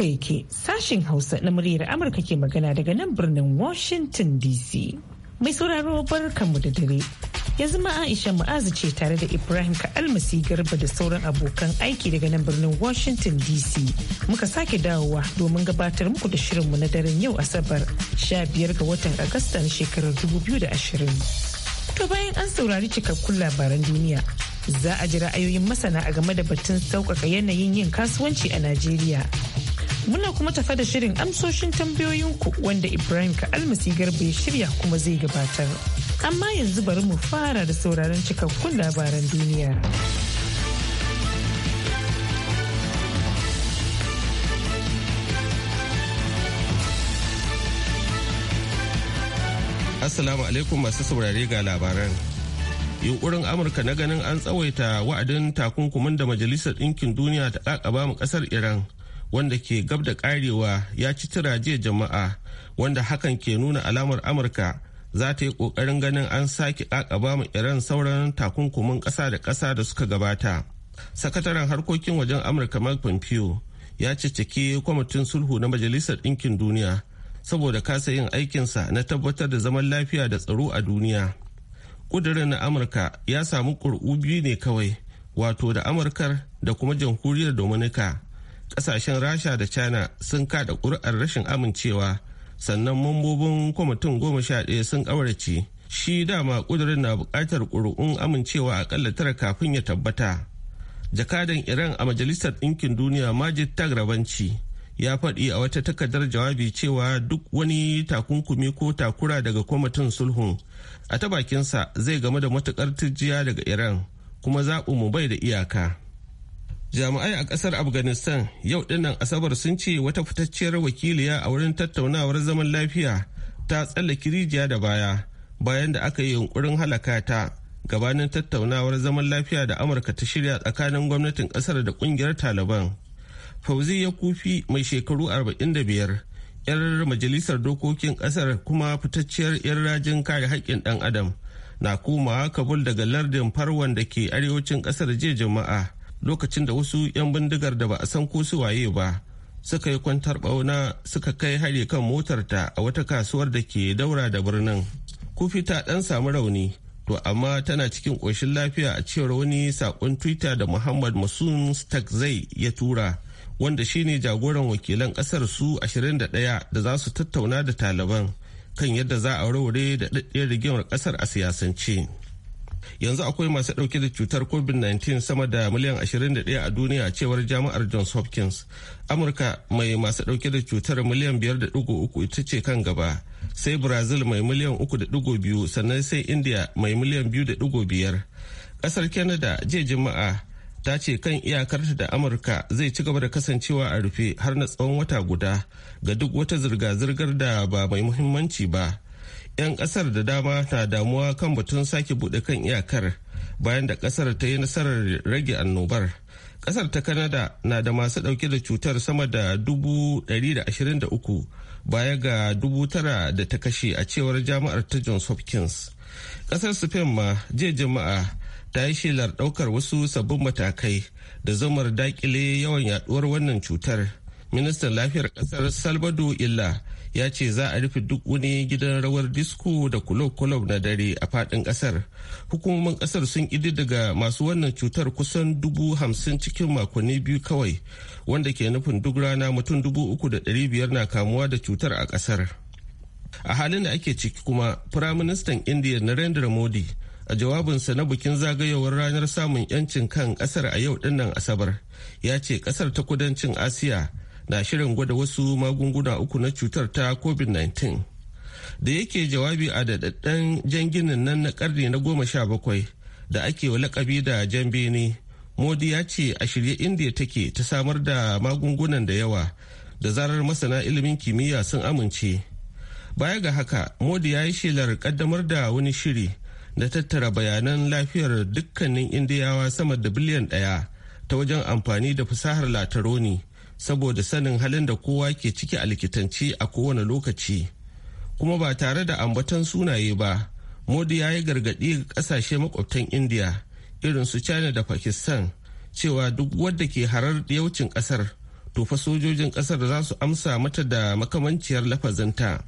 haka yake sashin Hausa na muryar Amurka ke magana daga nan birnin Washington DC. Mai sauraro barkanmu da dare. Yanzu ma Aisha Mu'azu ce tare da Ibrahim Ka'almasi Garba da sauran abokan aiki daga nan birnin Washington DC. Muka sake dawowa domin gabatar muku da shirinmu na daren yau Asabar 15 ga watan Agusta na shekarar 2020. To bayan an saurari cikakkun labaran duniya, za a ji ra'ayoyin masana a game da batun sauƙaƙa yanayin yin kasuwanci a Najeriya Muna kuma tafa da shirin amsoshin tambayoyinku wanda Ibrahim ka almasi Garba ya shirya kuma zai gabatar. Amma yanzu bari mu fara da sauraron cikakkun labaran duniya. Assalamu alaikum masu saurare ga labaran. yunkurin amurka na ganin an tsawaita wa'adin takunkumin da majalisar ɗinkin duniya ta kakaba mu ƙasar iran wanda ke gab da karewa ya ci jiya jama'a wanda hakan ke nuna alamar amurka za ta yi kokarin ganin an sake kakaba mu iran sauran takunkumin kasa da kasa da suka gabata sakataren harkokin wajen amurka mark pompeo ya cicike kwamitin sulhu na majalisar ɗinkin duniya saboda kasa yin aikinsa na tabbatar da zaman lafiya da tsaro a duniya ƙudurin na amurka ya samu ƙuri'u biyu ne kawai wato da amurkar da kuma jamhuriyar dominica kasashen rasha da china sun kada kuri'ar rashin amincewa sannan mambobin kwamitin goma sha ɗaya sun ƙawarce shi dama ƙudurin na bukatar kuri'un amincewa aƙalla tara kafin ya tabbata jakadan iran a majalisar ɗinkin duniya majid tagrabanci ya faɗi a wata takardar jawabi cewa duk wani takunkumi ko takura daga kwamitin sulhun a ta bakinsa zai game da matukar tijjiya daga iran kuma zaɓinmu bai da iyaka jami'ai a kasar afghanistan yau dinnan asabar sun ce wata fitacciyar wakiliya a wurin tattaunawar zaman lafiya ta tsallake rijiya da baya bayan da aka yi yunkurin halaka ta gabanin tattaunawar zaman lafiya da amurka ta shirya tsakanin gwamnatin kasar da kungiyar taliban fauzi ya kufi mai shekaru 45 yar majalisar dokokin kasar kuma fitacciyar yar rajin kare haƙƙin ɗan adam na komawa kabul daga lardin farwan da ke arewacin kasar jiya jama'a lokacin da wasu 'yan bindigar da ba a san ko su waye ba suka yi kwantar bauna suka kai hari kan motarta a wata kasuwar da ke daura da birnin kufi ta dan samu rauni to amma tana cikin koshin lafiya a cewar wani sakon twitter da muhammad masun zai ya tura wanda shine jagoran wakilan kasar su 21 da za su tattauna da taliban kan yadda za a raure da daɗaɗɗiyar rigimar kasar a siyasance. yanzu akwai masu dauke da cutar covid-19 sama da miliyan 21 a duniya cewar jami'ar johns hopkins amurka mai masu dauke da cutar miliyan 5.3 ita ce kan gaba sai brazil mai miliyan 3.2 sannan sai india mai miliyan 2.5 kasar canada jiya juma'a ta ce kan iyakarta da amurka zai ci gaba da kasancewa a rufe har na tsawon wata guda ga duk wata zirga-zirgar da ba mai muhimmanci ba 'yan kasar da dama na damuwa kan batun sake bude kan iyakar bayan da kasar ta yi nasarar rage annobar kasar ta kanada na da masu dauke da cutar sama da 123 baya ga dubu tara da ta kashe a cewar jama'ar ta johns hopkins kasar spain ma jiya jama'a ta yi shelar ɗaukar wasu sabbin matakai da zamar dakile yawan yaduwar wannan cutar ministan lafiyar kasar salvador illa ya ce za a rufe duk wani gidan rawar disko da kulob-kulob na dare a fadin kasar hukumomin kasar sun daga masu wannan cutar kusan dubu hamsin cikin makonni biyu kawai wanda ke nufin duk rana mutum dubu uku da dari biyar na kamuwa da cutar a kasar a halin da ake ciki kuma firaministan indiya narendra modi a jawabinsa na bikin zagayowar ranar samun 'yancin kan kasar a yau dinnan asabar ya ce kasar ta kudancin asiya na shirin gwada wasu magunguna uku na cutar ta covid-19 da yake jawabi a daɗaɗɗen jan ginin nan na ƙarni na goma sha bakwai da ake wa lakabi da jan bene modi ya ce a shirye indiya take ta samar da magungunan da yawa da zarar masana ilimin kimiyya sun amince baya ga haka modi ya yi shelar kaddamar da wani shiri na tattara bayanan lafiyar dukkanin indiyawa sama da biliyan ɗaya ta wajen amfani da fasahar lataroni saboda sanin halin da kowa ke ciki a likitanci a kowane lokaci kuma ba tare da ambatan sunaye ba modi ya yi gargaɗi ga ƙasashe makwabtan india irin su china da pakistan cewa duk wadda ke harar yaucin ƙasar to fa sojojin ƙasar za su amsa mata da makamanciyar lafazinta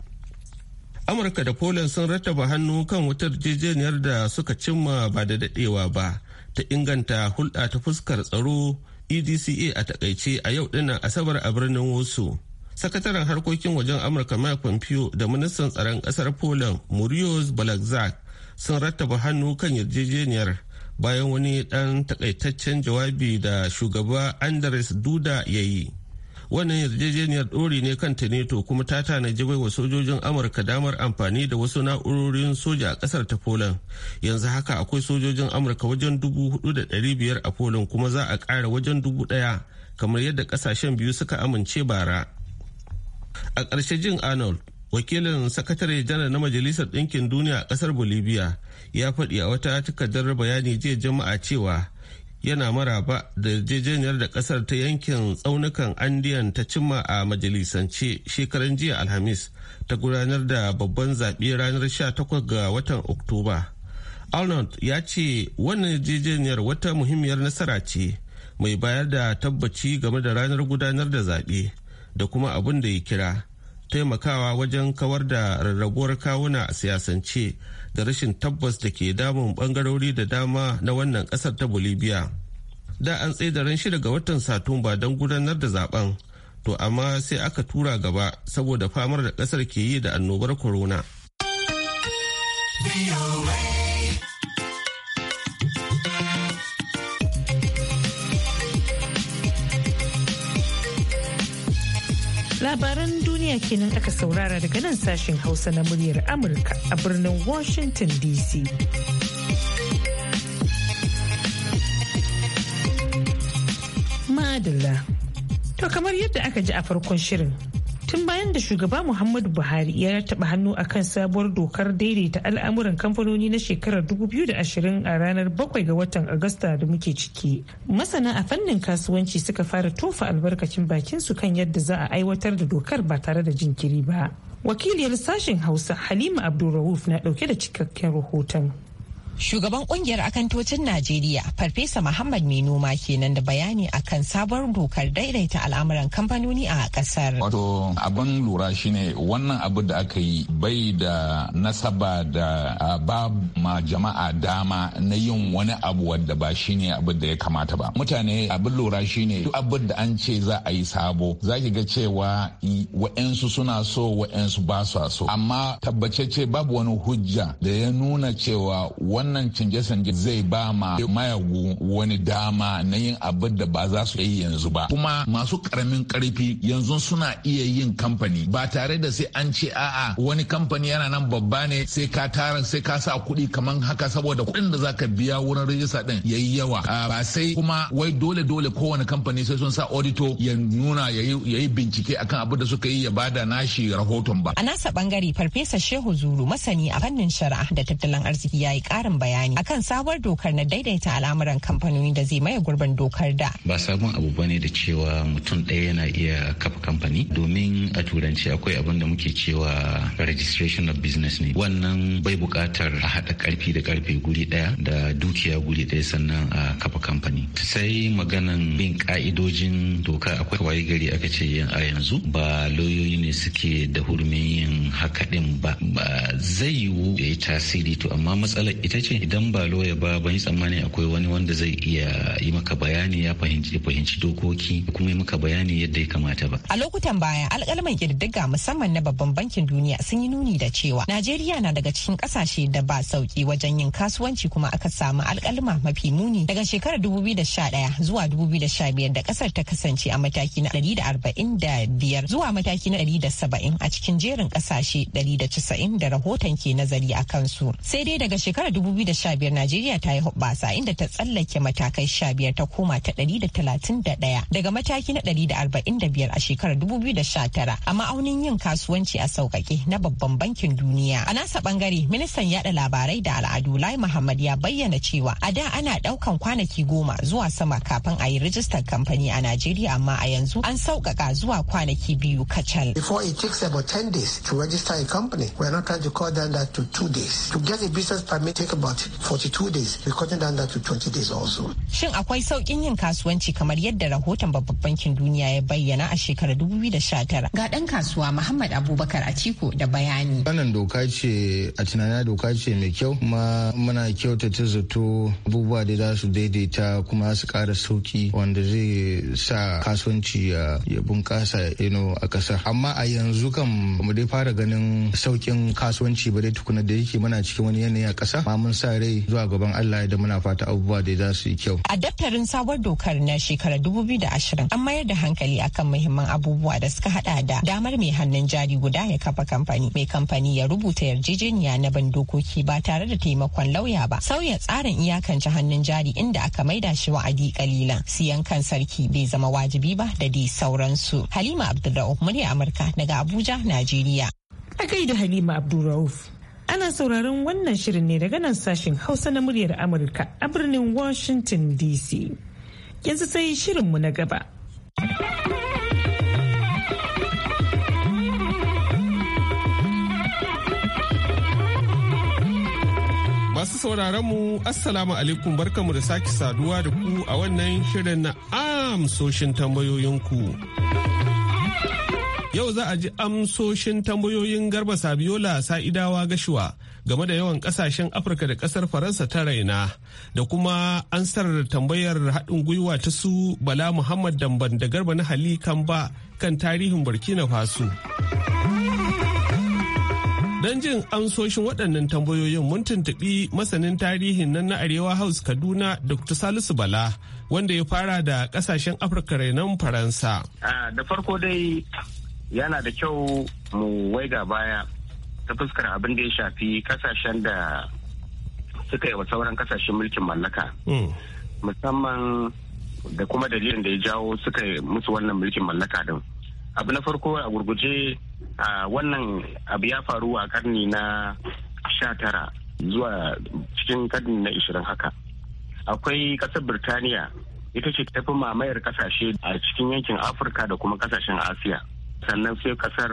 amurka da poland sun rattaba hannu kan wutar jejeniyar da suka cimma ba da dadewa ba ta inganta hulɗa ta fuskar tsaro edca a takaice a yau dinnan asabar a birnin woso sakataren harkokin wajen amurka mike pompeo da ministan tsaron kasar poland murios balazak sun rattaba hannu kan yarjejeniyar bayan wani dan takaitaccen jawabi da shugaba andres duda ya yi wannan yarjejeniyar ɗori ne kanta neto kuma ta tanaji baiwa sojojin amurka damar amfani da wasu na'urorin soja a ƙasar ta poland yanzu haka akwai sojojin amurka wajen dubu hudu da ɗari biyar a poland kuma za a ƙara wajen dubu ɗaya kamar yadda ƙasashen biyu suka amince bara a ƙarshe jin arnold wakilin sakatare janar na majalisar ɗinkin duniya a ƙasar bolivia ya faɗi a wata takardar bayani jiya jama'a cewa yana maraba da yarjejeniyar da kasar ta yankin tsaunukan andiyan ta cimma a majalisance shekaran jiya alhamis ta gudanar da babban zaɓe ranar 18 ga watan oktoba arnold ya ce wannan yarjejeniyar wata muhimmiyar nasara ce mai bayar da tabbaci game da ranar gudanar da zaɓe da kuma abin da ya kira taimakawa wajen kawar da rarrabuwar kawuna a siyasance da rashin tabbas da ke damun bangarori da dama na wannan kasar ta bolivia da an da ran shida ga watan satumba don gudanar da zaben to amma sai aka tura gaba saboda famar da kasar ke yi da annobar corona labaran duniya kenan aka saurara daga nan sashen Hausa na muryar Amurka a birnin Washington DC. ma'adala To kamar yadda aka ji a farkon shirin tun bayan da shugaba muhammadu buhari ya taɓa hannu a kan sabuwar dokar daidaita al'amuran kamfanoni na shekarar 2020 a ranar 7 ga watan agusta da muke ciki masana a fannin kasuwanci suka fara tofa albarkacin bakin su kan yadda za a aiwatar da dokar ba tare da jinkiri ba wakiliyar sashen hausa halima abdulrahuf na dauke da cikakken rahoton Shugaban kungiyar akantocin Najeriya, Farfesa Muhammad minuma kenan da bayani akan sabuwar dokar daidaita al'amuran kamfanoni a kasar. Wato abin lura shine wannan abu da aka yi bai da nasaba da ba ma jama'a dama na yin wani abu wadda ba shine abin da ya kamata ba. Mutane abin lura shine duk abin da an ce za a yi sabo za ki ga cewa wa'ensu suna so wa'ensu ba su so. Amma tabbacece babu wani hujja da ya nuna cewa wannan wannan canje-canje zai ba ma mayagu wani dama na yin abin da ba za su yi yanzu ba kuma masu karamin karfi yanzu suna iya yin kamfani ba tare da sai an ce a'a wani kamfani yana nan babba ne sai ka tara sai ka sa kuɗi kamar haka saboda kuɗin da zaka biya wurin rijista din yayi yawa ba sai kuma wai dole dole kowane kamfani sai sun sa audito ya nuna yayi bincike akan abin da suka yi ya bada nashi rahoton ba a nasa bangare farfesa shehu zuru masani a fannin shari'a da tattalin arziki yayi kara ƙarin bayani akan sabuwar dokar na daidaita al'amuran kamfanoni da zai maye gurbin dokar da. Ba sabon abu bane da cewa mutum ɗaya yana iya kafa kamfani domin a turanci akwai abin da muke cewa registration of business ne. Wannan bai buƙatar a haɗa ƙarfi da ƙarfe guri ɗaya da dukiya guri ɗaya sannan a kafa kamfani. Sai maganan bin ƙa'idojin doka akwai waye gari aka ce a yanzu ba lauyoyi ne suke da hurumin yin haka ɗin ba. Zai yiwu ya tasiri to amma matsalar ita ce idan ba loya ba ban yi tsammani akwai wani wanda zai iya yi maka bayani ya fahimci fahimci dokoki kuma yi maka bayani yadda ya kamata ba. A lokutan baya alƙalman ƙididdiga musamman na babban bankin duniya sun yi nuni da cewa Najeriya na daga cikin ƙasashe da ba sauki wajen yin kasuwanci kuma aka samu alƙalma mafi muni daga shekarar 2011 zuwa 2015 da ƙasar ta kasance a mataki na 145 zuwa mataki na 170 a cikin jerin ƙasashe 190 da rahoton ke nazari a kansu. Sai dai daga shekarar 2015 Najeriya ta yi hubbasa inda ta tsallake matakai 15 ta koma ta 131 daga mataki na 145 a shekarar 2019 a ma'aunin yin kasuwanci a sauƙaƙe na babban bankin duniya. A nasa bangare ministan yada labarai da al'adu Lai Muhammad ya bayyana cewa a da ana ɗaukan kwanaki goma zuwa sama kafin a yi rijistar kamfani a Najeriya amma a yanzu an sauƙaƙa zuwa kwanaki biyu kacal. Before it takes about 10 days to register a company, we are not trying to call down that to two days. To get a business permit, take about 42 days. We cut down that to 20 days also. Shin akwai saukin yin kasuwanci kamar yadda rahoton babban bankin duniya ya bayyana a shekarar 2019. Ga dan kasuwa Muhammad Abubakar Atiku da bayani. Wannan doka ce a tunanin doka ce mai kyau kuma muna kyautata zato abubuwa da za su daidaita kuma su kara sauƙi wanda zai sa kasuwanci ya bunkasa ino a ƙasa. Amma a yanzu kan mu dai fara ganin sauƙin kasuwanci ba dai tukuna da yake muna cikin wani yanayi a ƙasa. mun sa rai zuwa gaban Allah da muna fata abubuwa da za su yi kyau. A daftarin sabuwar dokar na shekarar ashirin an mayar da hankali akan muhimman abubuwa da suka hada da damar mai hannun jari guda ya kafa kamfani. Mai kamfani ya rubuta yarjejeniya na ban dokoki ba tare da taimakon lauya ba. Sauya tsarin iyakance hannun jari inda aka maida shi wa'adi kalilan. Siyan kan sarki bai zama wajibi ba da dai sauransu. Halima Abdulrauf murya Amurka daga Abuja, Najeriya. A gaida Halima Abdulrauf. Ana sauraron wannan shirin ne daga nan sashen Hausa na muryar Amurka a birnin Washington DC. Yanzu sai shirinmu na gaba. Masu sauraron Assalamu alaikum barkamu da sake saduwa da ku a wannan shirin na amsoshin tambayoyinku. Yau za a ji amsoshin tambayoyin Garba Sabiola Sa'idawa Gashuwa game da yawan kasashen Afirka da kasar Faransa ta raina da kuma ansar tambayar haɗin gwiwa ta su Bala Muhammad Damban da Garba na Hali Kamba kan tarihin Burkina Faso. Don jin amsoshin waɗannan tambayoyin mun tuntuɓi masanin tarihin nan na Arewa House Kaduna Dr. Salisu Bala wanda ya fara da ƙasashen Afirka rainon Faransa. Ah, da farko dai yana da kyau mu waiga baya ta fuskar abin da ya shafi kasashen da suka yi wa sauran kasashen mulkin mallaka hmm. musamman da kuma dalilin da ya jawo suka yi musu wannan mulkin mallaka din abu na farko a gurguje wannan abu ya faru a karni na sha tara zuwa cikin karni na ishirin haka akwai kasar birtaniya ita ce tafi mamayar kasashe a cikin yankin afirka da kuma kasashen asiya sannan sai kasar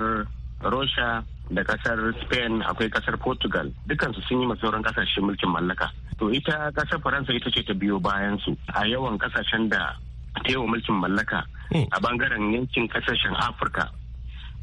Russia da kasar Spain akwai kasar Portugal dukansu sun yi masauran kasashen mulkin mallaka. To ita kasar Faransa ita ce ta biyo bayan su a yawan kasashen da ta yi mulkin mallaka hmm. a bangaren yankin kasashen Afirka.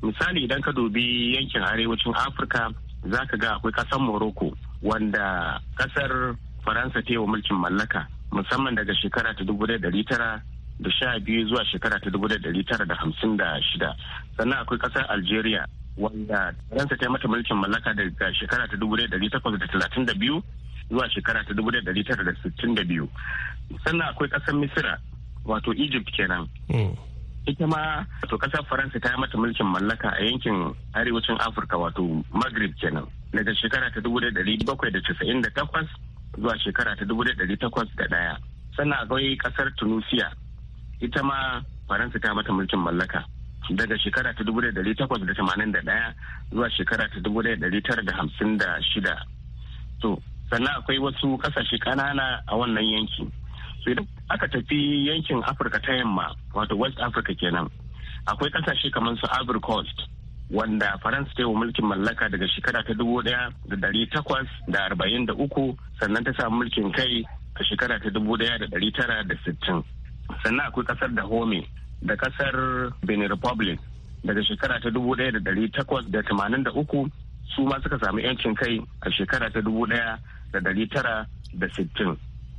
Misali idan ka dubi yankin arewacin Afirka za ka ga akwai kasar Morocco wanda kasar Faransa ta yi mulkin mallaka musamman daga shekara ta dubu tara da sha biyu zuwa shekara ta dubu da dari tara da hamsin da shida sannan akwai ƙasar algeria wanda faransa ta yi mata mulkin mallaka daga shekara ta dubu da dari takwas da talatin da biyu zuwa shekara ta dubu da dari tara da sittin da biyu sannan akwai ƙasar misira wato egypt kenan hmm. ita ma wato ƙasar faransa ta yi mata mulkin mallaka a yankin arewacin afirka wato maghrib kenan daga shekara ta dubu da dari bakwai da casa'in da takwas zuwa shekara ta dubu da dari takwas da ɗaya sannan akwai ƙasar tunisia ita ma faransa ta mata mulkin mallaka daga shekara ta dubu dari takwas da tamanin da ɗaya zuwa shekara ta dubu dari tara da hamsin da shida to sannan akwai wasu kasashe kanana a wannan yanki so idan aka tafi yankin afirka ta yamma wato west africa kenan akwai kasashe kamar su ivory coast wanda faransa ta yi wa mulkin mallaka daga shekara ta dubu daya da dari takwas da arba'in da uku sannan ta samu mulkin kai a shekara ta dubu daya da dari tara da sittin sannan akwai kasar da homi da kasar benin republic daga shekara ta dubu daya da dari takwas da tamanin da uku su ma suka samu yancin kai a shekara ta dubu daya da dari tara da sittin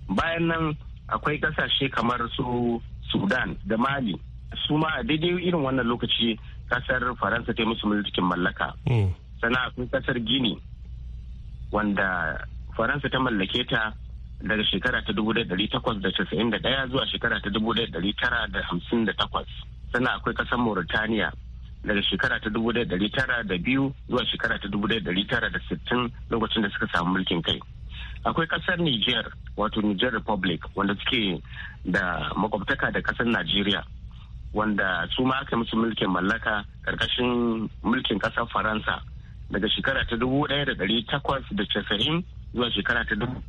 bayan nan akwai ƙasashe kamar su sudan da mali su ma a daidai irin wannan lokaci kasar faransa ta musu mulkin mallaka mm. sannan akwai kasar gini wanda faransa ta mallake ta daga shekara ta dubu takwas da da daya zuwa shekara ta dubu tara da da hamsin takwas sannan akwai kasar mauritaniya daga shekara ta dubu tara da biyu zuwa shekara ta dubu tara da sittin lokacin da suka samu mulkin kai akwai kasar niger wato niger republic wanda suke da makwabtaka da kasar nigeria wanda su ma aka musu mulkin mallaka karkashin mulkin kasar faransa daga shekara ta dubu da takwas casa'in zuwa shekara ta dubu.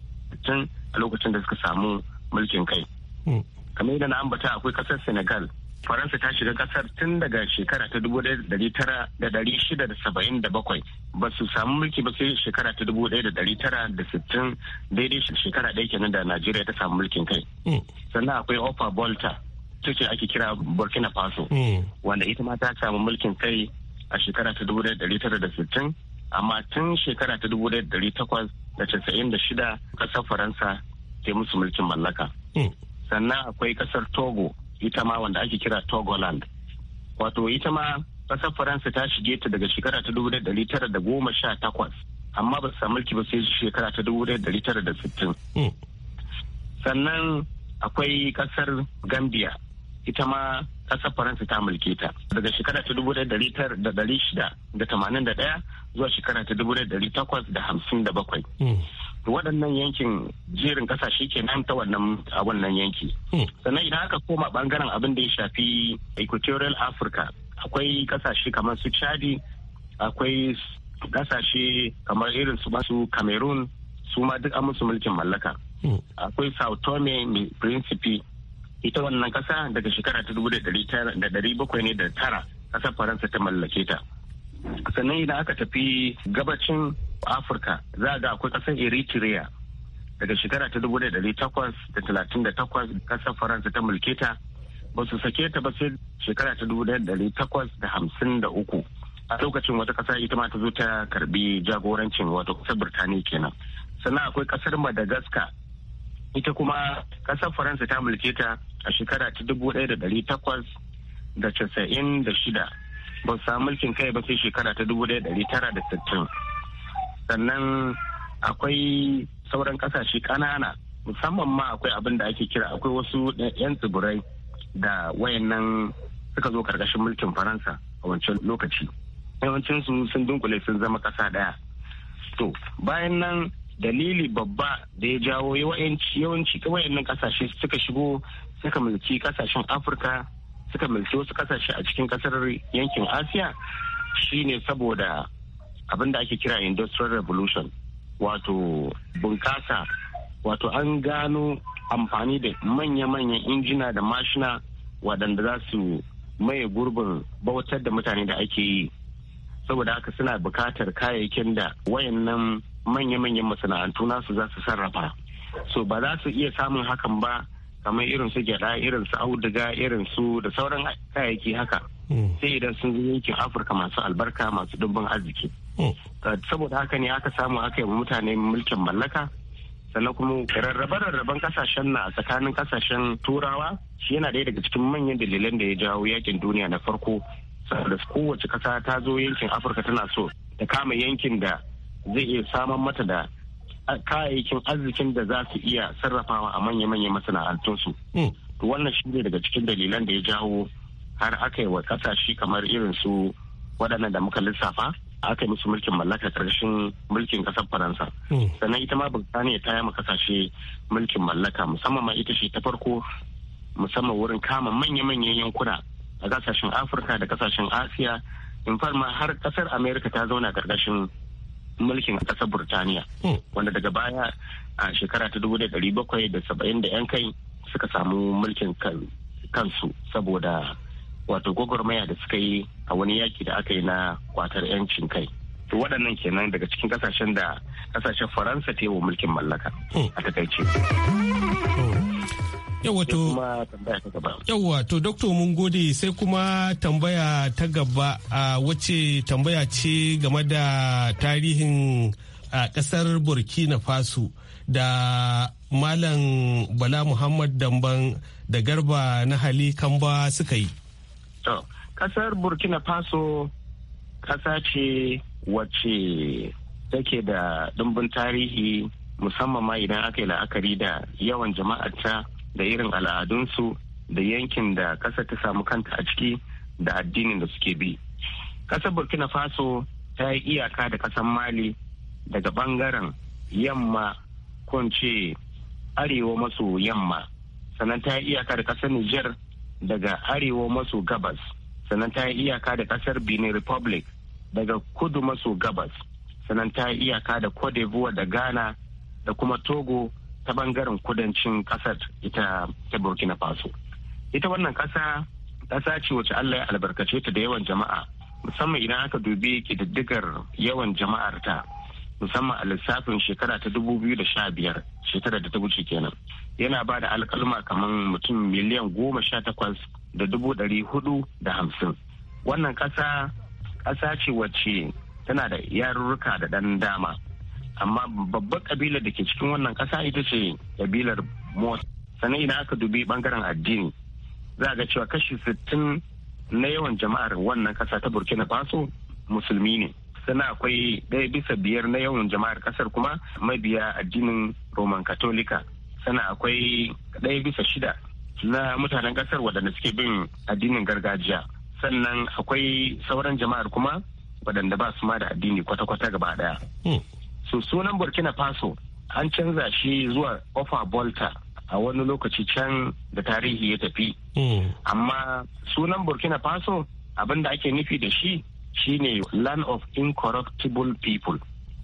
tun a lokacin da suka samu mulkin kai hmm. kamar yadda na ambata akwai kasar senegal faransa ta shiga kasar tun daga shekara ta dubu da tara da dari shida da saba'in da bakwai ba su samu mulki ba sai shekara ta dubu da dari tara da sittin daidai shekara ɗaya kenan da najeriya ta samu mulkin kai hmm. sannan akwai ofa Bolta ta ce ake kira burkina faso hmm. wanda ita ma ta samu mulkin kai a shekara ta dubu da dari tara da sittin amma tun shekara ta dubu da dari takwas da casa'in da shida ƙasar faransa ta musu mulkin mallaka hmm. sannan akwai ƙasar togo ita ma wanda ake kira togoland wato ita ma ƙasar faransa ta shige ta daga shekara ta dubu dari tara da goma sha takwas amma ba su mulki ba sai shekara ta dubu dari tara da sittin hmm. sannan akwai ƙasar gambia ita ma ƙasar faransa ta mulke ta daga shekara ta dubu da dari shida da tamanin da ɗaya zuwa shekara ta dubu dari takwas da hamsin da bakwai hmm. waɗannan yankin jerin ƙasashe ke nan ta wannan a wannan yanki hmm. sannan idan aka koma ɓangaren abin da ya shafi equatorial africa akwai ƙasashe kamar su chadi akwai ƙasashe kamar irin su masu cameroon su ma duk an musu mulkin mallaka hmm. akwai sao tome principe ita wannan kasa daga shekara ta dubu da dari bakwai ne da tara kasar faransa ta mallake ta sannan idan aka tafi gabacin afirka za ga akwai kasar eritrea daga shekara ta dubu da dari takwas da talatin da takwas kasar faransa ta mulke ta ba su sake ta ba sai shekara ta dubu da dari takwas da hamsin da uku a lokacin wata kasa ita ma ta zo ta karbi jagorancin wato kasar birtaniya kenan sannan akwai kasar madagascar ita kuma ƙasar faransa ta mulke ta a shekara ta dubu ɗaya da ɗari takwas da casa'in da shida ba su samu mulkin kai ba sai shekara ta dubu ɗaya da ɗari tara da sittin sannan akwai sauran ƙasashe ƙanana musamman ma akwai abin da ake kira akwai wasu 'yan tsibirai da wayannan suka zo karkashin mulkin faransa a wancan lokaci yawancinsu sun dunkule sun zama ƙasa ɗaya to bayan nan dalili babba da ya jawo yawanci wayannan kasashe suka shigo suka mulki kasashen afirka suka mulki wasu kasashe a cikin kasar yankin asiya shine saboda abin da ake kira industrial revolution wato bunkasa wato an gano amfani da manya-manyan injina da mashina waɗanda za su maye gurbin bautar da mutane da ake yi saboda haka suna bukatar kayayyakin da wayannan manya-manyan masana'antu nasu za su sarrafa so ba za su iya samun hakan ba kamar irin su gyada irin su auduga irin su da sauran kayayyaki haka hmm. sai idan sun zo yankin afirka masu albarka masu dubban arziki hmm. uh, saboda haka ne aka samu aka yi mutane mulkin mallaka sannan kuma rarrabe-rarraben kasashen na a tsakanin kasashen turawa shi yana daya daga cikin manyan dalilan da ya jawo yakin duniya na farko saboda kowace kasa ta zo yankin afirka tana so ta kama yankin da zai iya samar mata da kayayyakin arzikin da za su iya sarrafawa a manya-manyan masana'antunsu. Hmm. To wannan shi ne daga cikin dalilan da ya jawo har aka yi wa kasashe kamar irin su waɗannan da muka lissafa aka yi musu mulkin mallaka ƙarshen mulkin ƙasar Faransa. Hmm. Sannan ita ma Birtaniya ta yi ma kasashe mulkin mallaka musamman ma ita ce ta farko musamman wurin kama manya-manyan yankuna a kasashen Afirka da kasashen Asiya. In farma har ƙasar Amerika ta zauna ƙarƙashin mulkin ƙasar burtaniya hmm. wanda daga baya a shekara ta dubu da da saba'in da 'yan kai suka samu mulkin kansu saboda wato gwagwarmaya da suka yi a wani yaki da aka yi na kwatar 'yancin kai to waɗannan kenan daga cikin kasashen da kasashen faransa ta yi wa mulkin mallaka hmm. a takaice. Hmm. Yawwa to doktor mun gode sai kuma tambaya ta gaba a wace tambaya ce game da tarihin a kasar Burkina Faso da Malam Bala Muhammad Damban da Garba na Hali Kamba suka yi. Kasar Burkina Faso kasa ce wacce take da dumbin tarihi musamman ma idan aka yi la'akari da yawan jama'arta da irin al'adunsu da yankin da ƙasa ta samu kanta a ciki da addinin da suke bi ƙasar burkina faso ta yi iyaka da kasar mali daga bangaren yamma ce arewa maso yamma sannan ta yi iyaka da ƙasar niger daga arewa maso gabas sannan ta yi iyaka da ƙasar benin republic daga kudu maso gabas sannan ta yi iyaka da cote d'ivoire da ghana da kuma togo ta bangaren kudancin kasar ita ta burkina faso ita wannan kasa kasa ce wacce allah ya albarkace ta da yawan jama'a musamman idan aka dubi kididdigar yawan jama'ar ta musamman a lissafin shekara ta dubu biyu da sha biyar shekarar da ta wuce kenan yana ba da alkalma kamar mutum miliyan goma sha takwas da dubu ɗari hudu da hamsin wannan ƙasa ƙasa ce wacce tana da yarurruka da ɗan dama amma babbar kabilar da ke cikin wannan kasa ita ce kabilar mos sannan idan aka dubi bangaren addini za ga cewa kashi sittin na yawan jama'ar wannan kasa ta burkina faso musulmi ne sannan akwai ɗaya bisa biyar na yawan jama'ar kasar kuma mabiya addinin roman katolika sannan akwai ɗaya bisa shida na mutanen kasar waɗanda suke bin addinin gargajiya sannan akwai sauran jama'ar kuma waɗanda ba su ma da addini kwata-kwata gaba ɗaya. Hmm. so sunan burkina faso an canza shi zuwa ofa volta a wani lokaci can da tarihi ya tafi hmm. amma sunan burkina faso abin da ake nufi da shi shine land of incorruptible people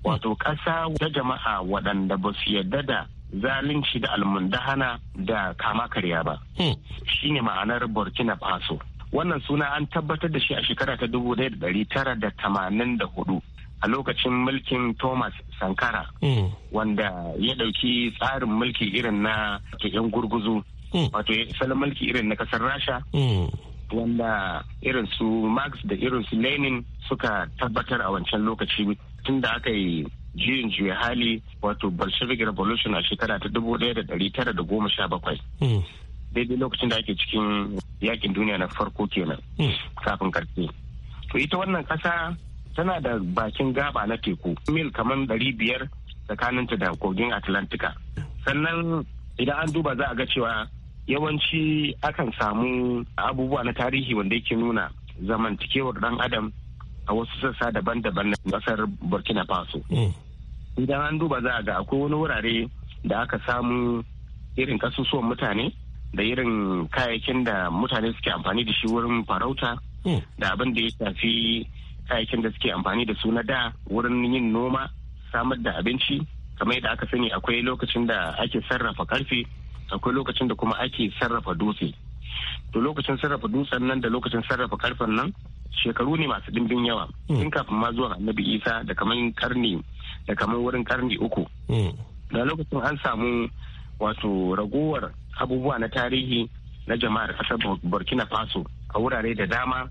wato ƙasa ta jama'a waɗanda ba su yarda da zalunci da almundahana da kama karya ba hmm. Shi ne ma'anar burkina faso wannan suna an tabbatar da shi a shekara ta 1984 a lokacin mulkin Thomas Sankara hmm. wanda ya ɗauki tsarin mulki irin na yan gurguzu hmm. wato salon mulki irin na kasar Rasha hmm. wanda irin su Marx da irin su Lenin suka tabbatar a wancan lokaci tun da aka yi juyin juya hali wato Bolshevik Revolution a shekara ta da tara goma sha 1917. Daidai lokacin da ake cikin yakin duniya na farko kenan kafin karfe. To ita wannan ƙasa. tana da bakin gaba na teku mil kamar ɗari biyar tsakaninta da kogin atlantika sannan idan an duba za a ga cewa yawanci akan samu abubuwa na tarihi wanda yake nuna zamantakewar dan adam a wasu sassa daban-daban na kasar burkina faso mm. idan an duba za a ga akwai wani wurare da aka samu irin kasusuwan mutane da irin kayayyakin da mutane suke amfani da shi wurin farauta mm. da abin da ya shafi kayakin da suke amfani da su na da wurin yin noma samar da abinci kamar yadda aka sani akwai lokacin da ake sarrafa karfe akwai lokacin da kuma ake sarrafa dutse to lokacin sarrafa dutsen nan da lokacin sarrafa karfen nan shekaru ne masu dimbin yawa mm. tun kafin ma zuwa annabi isa da kamar karni da kamar wurin karni uku mm. da lokacin an samu wato ragowar abubuwa na tarihi na jama'ar kasar burkina faso a wurare da dama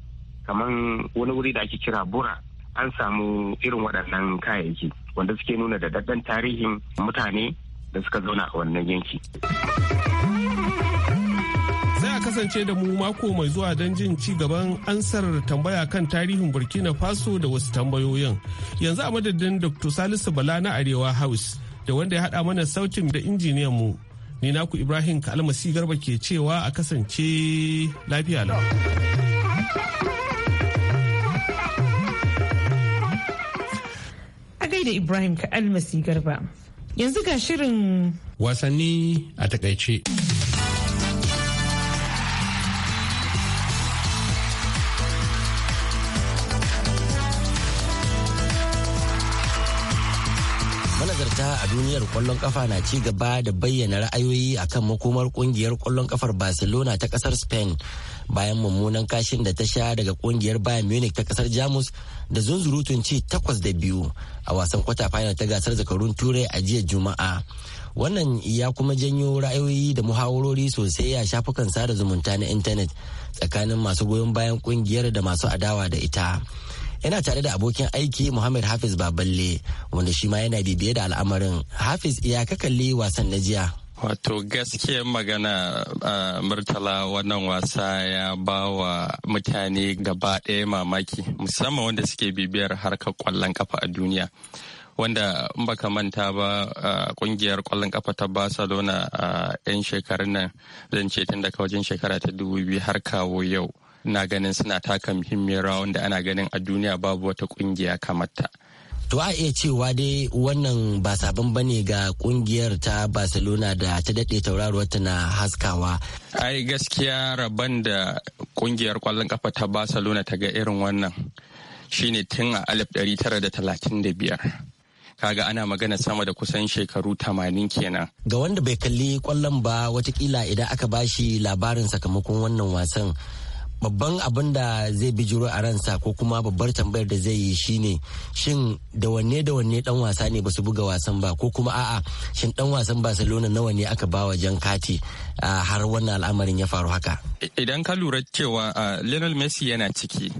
kamar wani wuri da ake kira bura an samu irin waɗannan kayayyaki wanda suke nuna da daddan tarihin mutane da suka zauna a wannan yanki. Za a kasance da mu mako mai zuwa don jin ci gaban ansar tambaya kan tarihin Burkina Faso da wasu tambayoyin. Yanzu a madadin Dr. Salisu Bala na Arewa House da wanda ya haɗa mana sautin da injiniyan mu. Ni naku Ibrahim Kalmasi Garba ke cewa a kasance lafiya lau. da Ibrahim ka almasi garba. Yanzu ga shirin wasanni a takaice. a duniyar kwallon kafa na ci gaba da bayyana ra'ayoyi akan makomar kungiyar kwallon kafar barcelona ta kasar spain bayan mummunan kashin da ta sha daga kungiyar bayern munich ta kasar jamus da zunzurutun ci takwas da biyu a wasan kwata final ta gasar zakarun turai a jiya juma'a wannan ya kuma janyo ra'ayoyi da muhawarori sosai a shafukan sada zumunta na intanet tsakanin masu goyon bayan kungiyar da masu adawa da ita yana tare da abokin aiki muhammad hafiz baballe wanda shi ma yana bibiye da al'amarin hafiz ya ka kalli wasan na jiya Wato gaskiyar magana Murtala wannan wasa ya ba wa mutane gaba ɗaya mamaki musamman wanda suke bibiyar harkar ƙwallon kafa a duniya. Wanda in baka manta ba ƙungiyar ƙwallon kafa ta Barcelona a 'yan shekarun nan zan ce tun daga wajen shekara ta dubu biyu har kawo yau. ina ganin suna taka muhimmiyar rawa wanda ana ganin a duniya babu wata kungiya kamar To a iya cewa dai wannan ba sabon bane ga kungiyar ta Barcelona da ta daɗe tauraruwar ta na haskawa. Ai gaskiya rabon da kungiyar kwallon kafa ta Barcelona ta ga irin wannan shine tun a 1935. kaga ana magana sama da kusan shekaru tamanin kenan. Ga wanda bai kalli kwallon ba watakila idan aka bashi labarin sakamakon wannan wasan babban abin da zai bijiro a ransa ko kuma babbar tambayar da zai yi shine shin da wanne da wanne dan wasa ne basu buga wasan ba ko kuma a'a shin dan wasan barcelona nawa ne aka ba wa jan kati har wannan al'amarin ya faru haka idan ka lura cewa lionel messi yana ciki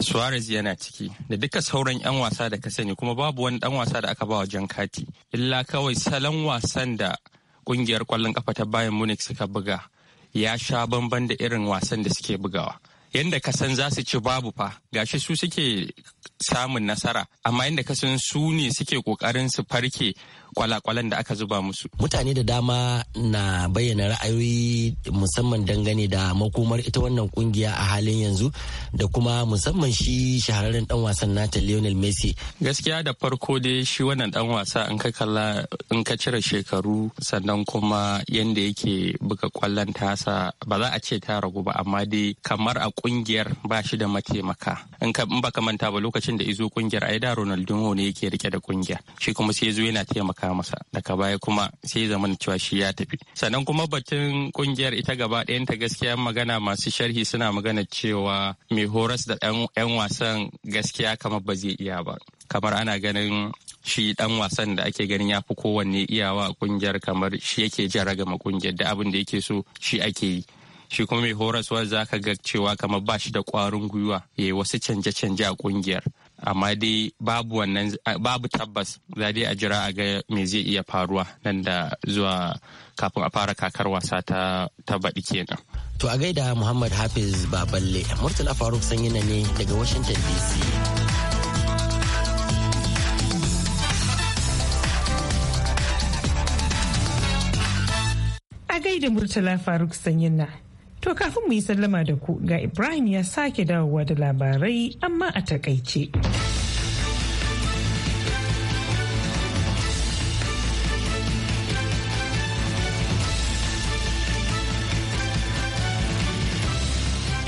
Suarez yana ciki da duka sauran 'yan wasa da ka sani kuma babu wani dan wasa da aka ba wa jan kati illa kawai salon wasan da kungiyar kwallon kafa ta Bayern Munich suka buga ya sha bamban da irin wasan da suke bugawa yadda ka san za su ci babu fa gashi su suke samun nasara amma yadda ka san su ne suke kokarin su farke kwalakwalan da aka zuba musu mutane da dama na bayyana ra'ayoyi musamman dangane da makomar ita wannan kungiya a halin yanzu da kuma musamman shi shahararren dan wasan nata Lionel Messi gaskiya da farko dai shi wannan dan wasa in ka kalla in ka cire shekaru sannan kuma yadda yake buga kwallon tasa ba za a ce ta ragu ba amma dai kamar a kungiyar ba shi da mataimaka in ka in baka manta ba lokacin da izo kungiyar ai da Ronaldinho ne yake rike da kungiyar shi kuma sai zo yana taimaka masa daga baya kuma sai zama cewa shi ya tafi sannan kuma batun kungiyar ita gaba ɗayan ta gaskiya magana masu sharhi suna magana cewa mai horas da ɗan wasan gaskiya kamar ba zai iya ba kamar ana ganin shi dan wasan da ake ganin ya fi kowanne iyawa a kungiyar kamar shi yake jan ma kungiyar da abin da yake so shi ake yi shi kuma mai horaswa za ka ga cewa kamar ba shi da kwarin gwiwa ya wasu canje-canje a kungiyar amma dai babu wannan babu tabbas za dai a jira a ga me zai iya faruwa nan da zuwa kafin a fara kakar wasa ta baɗi kenan. To a gaida Muhammad Hafiz Baballe, Murtala Faruk Sanyina ne daga Washington DC. a gaida Murtala Faruk Sanyinna. To kafin mu yi sallama da ku ga Ibrahim ya sake dawowa da labarai amma a takaice.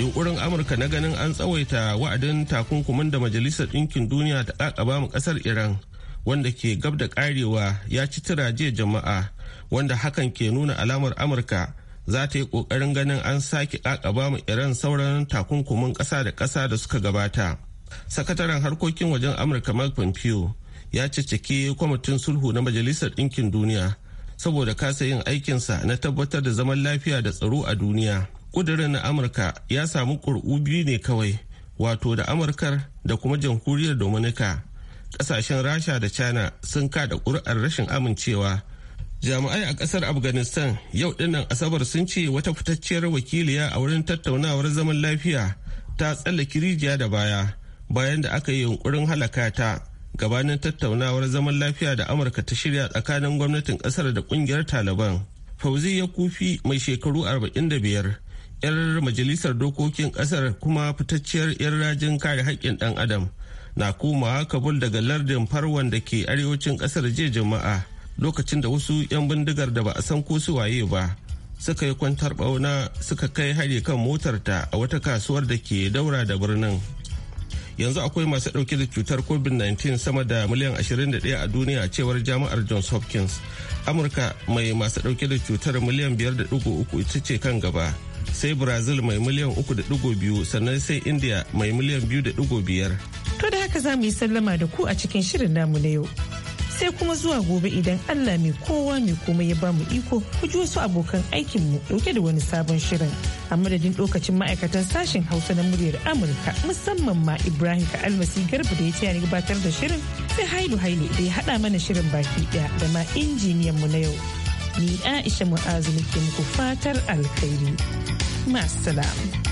yunkurin amurka na ganin an tsawaita wa'adin takunkumin da majalisar ɗinkin duniya ta kakaba mu ƙasar iran wanda ke gab da karewa ya ci tira jiya jama'a wanda hakan ke nuna alamar amurka za ta yi ƙoƙarin ganin an sake ƙaƙaba mu iran sauran takunkumin ƙasa da ƙasa da suka gabata sakataren harkokin wajen amurka mark pompeo ya cicciki kwamitin sulhu na majalisar ɗinkin duniya saboda kasa yin aikinsa na tabbatar da zaman lafiya da tsaro a duniya ƙudurin na amurka ya samu ƙur'u biyu ne kawai wato da amurkar da kuma jamhuriyar dominica ƙasashen rasha da china sun kada ƙuri'ar rashin amincewa jami'ai a kasar afghanistan yau dinnan asabar sun ce wata fitacciyar wakiliya a wurin tattaunawar zaman lafiya ta tsallake rijiya da baya bayan da aka yi yunkurin halaka ta gabanin tattaunawar zaman lafiya da amurka ta shirya tsakanin gwamnatin kasar da kungiyar taliban fauzi ya kufi mai shekaru 45 yar majalisar dokokin kasar kuma fitacciyar yar rajin kare haƙƙin ɗan adam na komawa kabul daga lardin farwan da ke arewacin kasar jiya jama'a lokacin da wasu 'yan bindigar da ba a san ko su waye ba suka yi kwantar bauna suka kai hari kan motar ta a wata kasuwar da ke daura da birnin yanzu akwai masu ɗauke da cutar covid-19 sama da miliyan 21 a duniya cewar jami'ar johns hopkins amurka mai masu ɗauke da cutar miliyan 5.3 ita ce kan gaba sai brazil mai miliyan 3.2 sannan sai india mai miliyan 2.5 to da haka za mu yi sallama da ku a cikin shirin namu na yau sai kuma zuwa gobe idan Allah mai kowa mai komai ya bamu iko ku ji wasu abokan aikinmu dauke da wani sabon shirin a madadin lokacin ma'aikatan sashen hausa na muryar amurka musamman ma ibrahim ka almasi garba da ya ce ni gabatar da shirin sai haidu haile da ya haɗa mana shirin baki ɗaya da ma injiniyan mu na yau ni aisha mu'azu nake muku fatar alkhairi masu